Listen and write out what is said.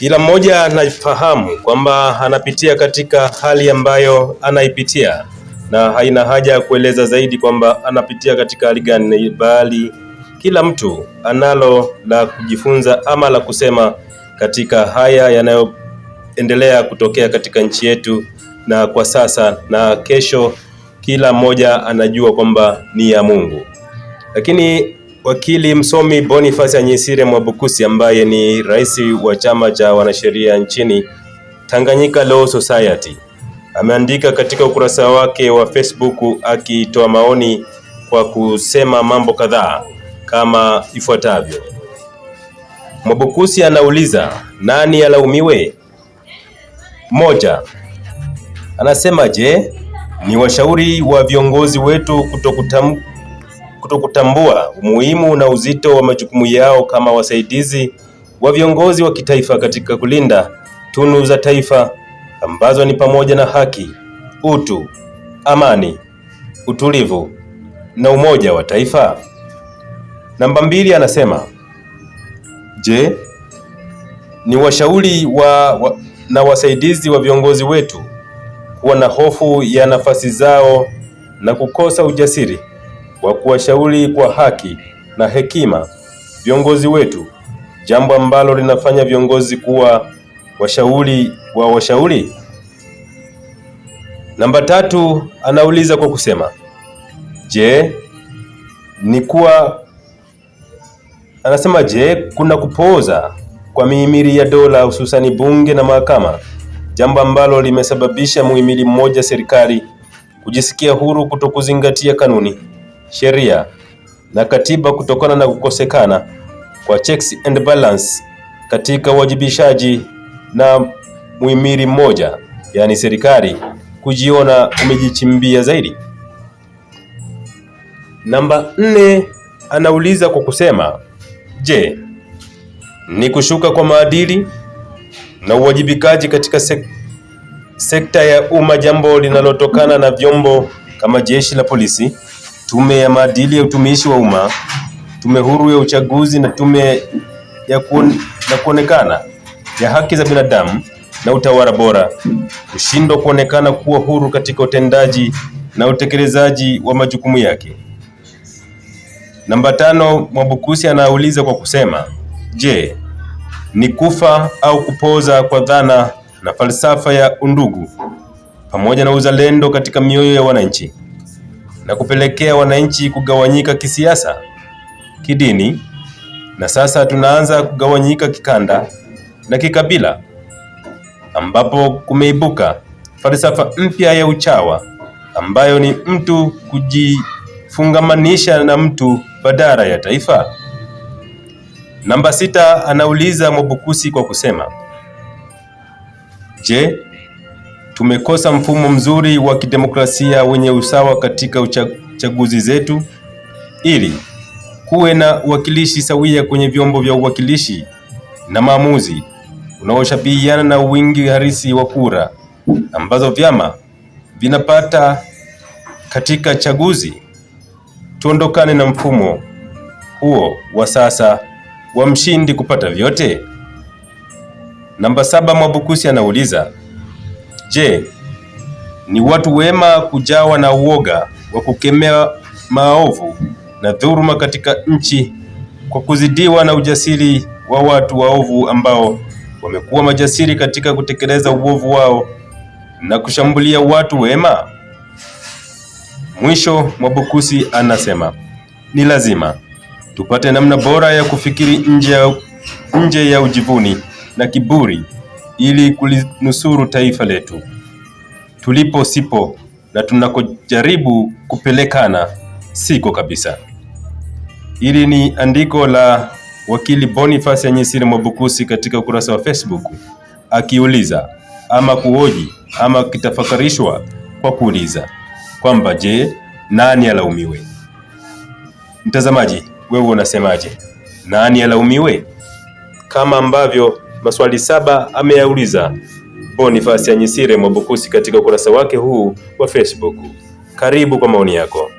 Kila mmoja anafahamu kwamba anapitia katika hali ambayo anaipitia, na haina haja ya kueleza zaidi kwamba anapitia katika hali gani, bali kila mtu analo la kujifunza ama la kusema katika haya yanayoendelea kutokea katika nchi yetu na kwa sasa na kesho. Kila mmoja anajua kwamba ni ya Mungu, lakini Wakili msomi Boniface Anyisire Mwabukusi ambaye ni rais wa chama cha wanasheria nchini Tanganyika Law Society ameandika katika ukurasa wake wa Facebook akitoa maoni kwa kusema mambo kadhaa kama ifuatavyo. Mwabukusi anauliza nani alaumiwe? Moja, anasema je, ni washauri wa viongozi wetu kutokutam, kutokutambua umuhimu na uzito wa majukumu yao kama wasaidizi wa viongozi wa kitaifa katika kulinda tunu za taifa ambazo ni pamoja na haki, utu, amani, utulivu na umoja wa taifa. Namba mbili anasema je, ni washauri wa, wa, na wasaidizi wa viongozi wetu kuwa na hofu ya nafasi zao na kukosa ujasiri wa kuwashauri kwa haki na hekima viongozi wetu, jambo ambalo linafanya viongozi kuwa washauri wa washauri. Namba tatu, anauliza kwa kusema je, ni kuwa anasema je, kuna kupooza kwa mihimili ya dola hususani bunge na mahakama, jambo ambalo limesababisha muhimili mmoja serikali kujisikia huru kutokuzingatia kanuni sheria na katiba kutokana na kukosekana kwa checks and balance katika uwajibishaji na muhimili mmoja, yaani serikali kujiona umejichimbia zaidi. Namba nne anauliza kwa kusema, je, ni kushuka kwa maadili na uwajibikaji katika sek sekta ya umma, jambo linalotokana na vyombo kama jeshi la polisi Tume ya Maadili ya Utumishi wa Umma, Tume Huru ya Uchaguzi na Tume ya kuon, na Kuonekana ya Haki za Binadamu na Utawala Bora kushindwa kuonekana kuwa huru katika utendaji na utekelezaji wa majukumu yake. Namba tano, Mwabukusi anauliza kwa kusema, je, ni kufa au kupoza kwa dhana na falsafa ya undugu pamoja na uzalendo katika mioyo ya wananchi? na kupelekea wananchi kugawanyika kisiasa, kidini na sasa tunaanza kugawanyika kikanda na kikabila, ambapo kumeibuka falsafa mpya ya uchawa ambayo ni mtu kujifungamanisha na mtu badala ya taifa. Namba sita anauliza Mwabukusi kwa kusema, je, Tumekosa mfumo mzuri wa kidemokrasia wenye usawa katika chaguzi zetu. Ili kuwe na uwakilishi sawia kwenye vyombo vya uwakilishi na maamuzi unaoshabihiana na wingi halisi wa kura ambazo vyama vinapata katika chaguzi. Tuondokane na mfumo huo wa sasa wa mshindi kupata vyote. Namba saba Mwabukusi anauliza Je, ni watu wema kujawa na uoga wa kukemea maovu na dhuruma katika nchi kwa kuzidiwa na ujasiri wa watu waovu ambao wamekuwa majasiri katika kutekeleza uovu wao na kushambulia watu wema. Mwisho, Mwabukusi anasema ni lazima tupate namna bora ya kufikiri nje ya, nje ya ujivuni na kiburi ili kulinusuru taifa letu. Tulipo sipo na tunakojaribu kupelekana siko kabisa. Hili ni andiko la wakili Boniface Anyisire Mwabukusi katika ukurasa wa Facebook akiuliza ama kuhoji ama akitafakarishwa kwa kuuliza kwamba je, nani alaumiwe? Mtazamaji, wewe unasemaje? Nani alaumiwe? Kama ambavyo maswali saba ameyauliza Bonifasi Anyisire Mwabukusi katika ukurasa wake huu wa Facebook. Karibu kwa maoni yako.